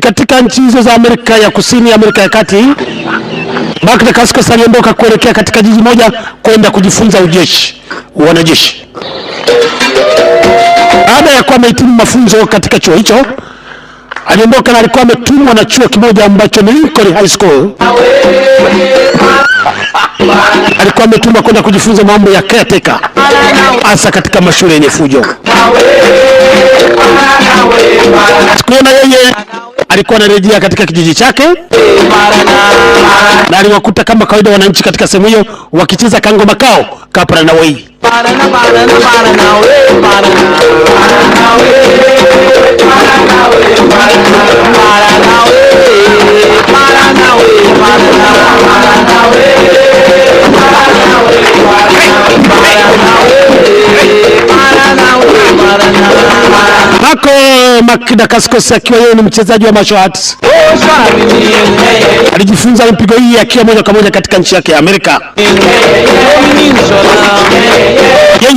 Katika nchi hizo za Amerika ya Kusini, Amerika ya Kati, Bakri Kaskas aliondoka kuelekea katika jiji moja kwenda kujifunza ujeshi, wanajeshi. Baada ya kuwa amehitimu mafunzo katika chuo hicho, aliondoka na alikuwa ametumwa na chuo kimoja ambacho ni Lincoln High School. Alikuwa ametumwa kwenda kujifunza mambo ya caretaker, hasa katika mashule yenye fujo. Tukiona yeye alikuwa anarejea katika kijiji chake na aliwakuta kama kawaida wananchi katika sehemu hiyo wakicheza kangoma kao kaparanawei. Dacascos akiwa yeye ni mchezaji wa martial arts alijifunza mpigo hii akiwa moja kwa moja katika nchi yake ya Amerika.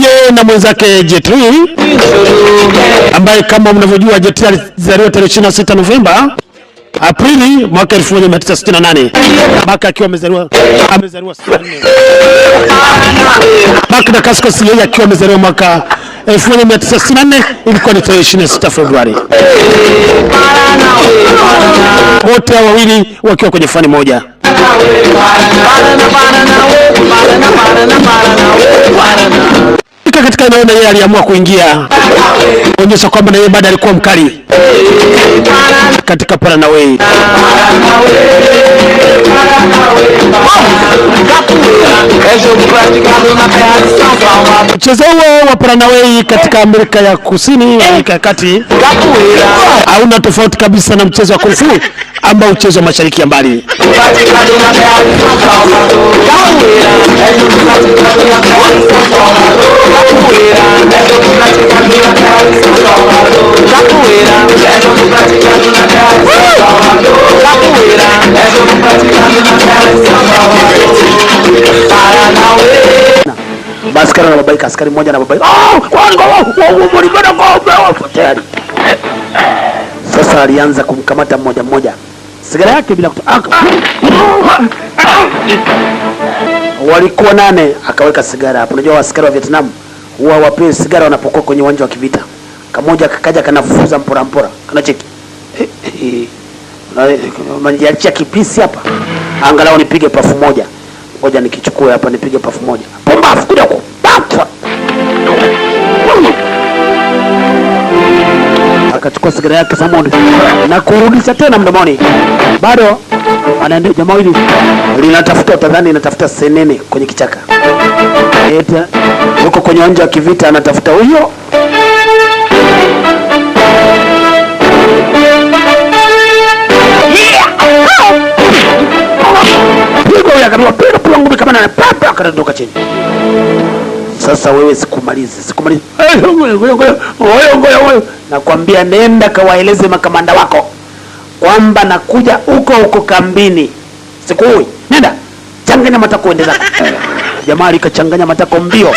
Yeye na mwenzake Jet Li ambaye kama mnavyojua Jet Li alizaliwa tarehe 26 Novemba Aprili mwaka 1968. Baka akiwa amezaliwa amezaliwa 64. Baka Dacascos yeye akiwa amezaliwa mwaka 1964 ilikuwa ni tarehe 26 Februari, wote wawili wakiwa kwenye fani moja. Katika eneo na yeye aliamua kuingia kuonyesha kwamba na yeye bado alikuwa mkali katika Paranawei. Mchezo huo wa Paranawei katika Amerika ya Kusini, Amerika ya Kati hauna tofauti kabisa na mchezo wa kung fu ambao mchezo wa mashariki ya mbali. Amerika, askari mmoja na baba oh, oh, oh, sasa alianza kumkamata mmoja mmoja sigara yake bila ah, ah, ah. Walikuwa nane, akaweka sigara hapo. Unajua askari wa Vietnam huwa wapewe sigara wanapokuwa kwenye uwanja wa kivita. Kamoja kakaja kanafuza mpora mpora, kanacheki majiachia kipisi hapa, angalau nipige pafu moja, ngoja nikichukue hapa nipige pafu moja. akachukua sigara yake samoni na kurudisha tena mdomoni. Bado anaendea jamaa hili linatafuta, utadhani inatafuta senene kwenye kichaka. Eta yuko kwenye uwanja wa kivita, anatafuta huyo pigo, huyo akapigwa pigo, pigo ngumi kama na papa, chini. Sasa wewe sikumalizi, sikumalizi, nakwambia nenda kawaeleze makamanda wako kwamba nakuja huko huko kambini, sikui, nenda changanya matako, endelea. Jamaa likachanganya matako mbio